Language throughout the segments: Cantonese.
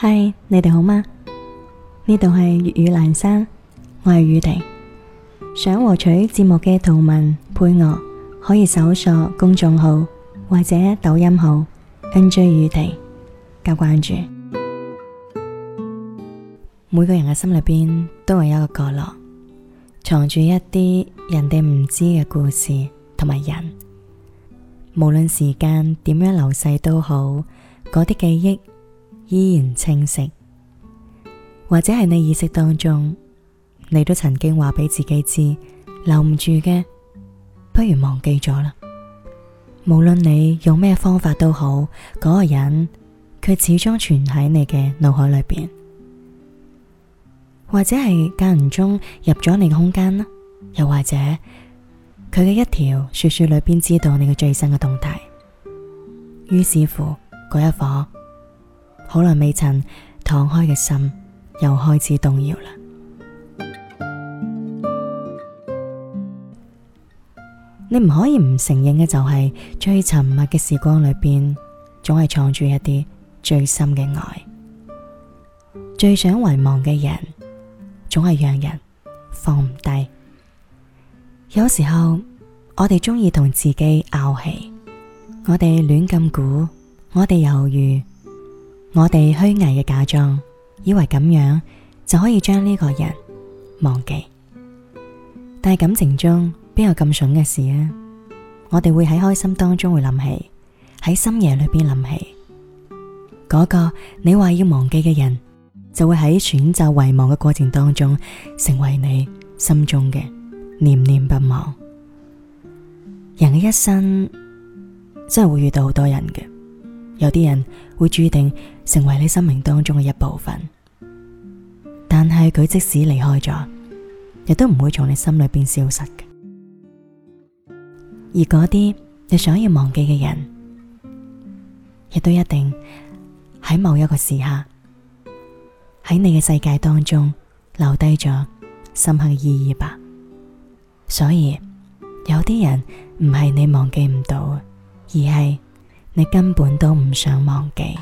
嗨，Hi, 你哋好嗎？呢度係粵語闌珊，我係宇婷。想獲取節目嘅圖文配樂，可以搜索公眾號或者抖音號 NJ 宇婷加關注。每個人嘅心裏邊都有一個角落，藏住一啲人哋唔知嘅故事同埋人。無論時間點樣流逝都好，嗰啲記憶，依然清晰，或者係你意識當中，你都曾經話俾自己知，留唔住嘅，不如忘記咗啦。無論你用咩方法都好，嗰個人，佢始終存喺你嘅腦海裏邊，或者係間唔中入咗你嘅空間啦，又或者佢嘅一條說說裏邊知道你嘅最新嘅動態，於是乎嗰一顆。好耐未曾敞開嘅心，又開始動搖啦。你唔可以唔承認嘅就係最沉默嘅時光裏邊，總係藏住一啲最深嘅愛，最想遺忘嘅人，總係讓人放唔低。有時候我哋鍾意同自己拗氣，我哋亂咁估，我哋猶豫。我哋虛偽嘅假裝，以為咁樣就可以將呢個人忘記，但係感情中邊有咁筍嘅事啊？我哋會喺開心當中會諗起，喺深夜裏邊諗起嗰個你話要忘記嘅人，就會喺選擇遺忘嘅過程當中，成為你心中嘅念念不忘。人嘅一生真係會遇到好多人嘅。有啲人會注定成為你生命當中嘅一部分，但係佢即使離開咗，亦都唔會從你心裏邊消失嘅。而嗰啲你想要忘記嘅人，亦都一定喺某一個時刻喺你嘅世界當中留低咗深刻嘅意義吧。所以有啲人唔係你忘記唔到，而係。你根本都唔想忘記。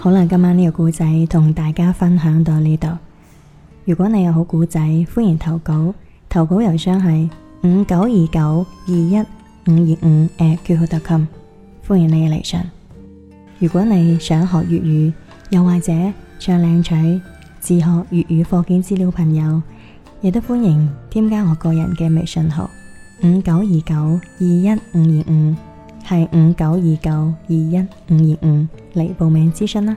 好啦，今晚呢個故仔同大家分享到呢度。如果你有好故仔，歡迎投稿，投稿郵箱係五九二九二一五二五，誒，QQ 特琴，歡迎你嘅嚟信。如果你想學粵語，又或者想領取自學粵語課件資料，朋友亦都歡迎添加我個人嘅微信號五九二九二一五二五，係五九二九二一五二五嚟報名諮詢啦。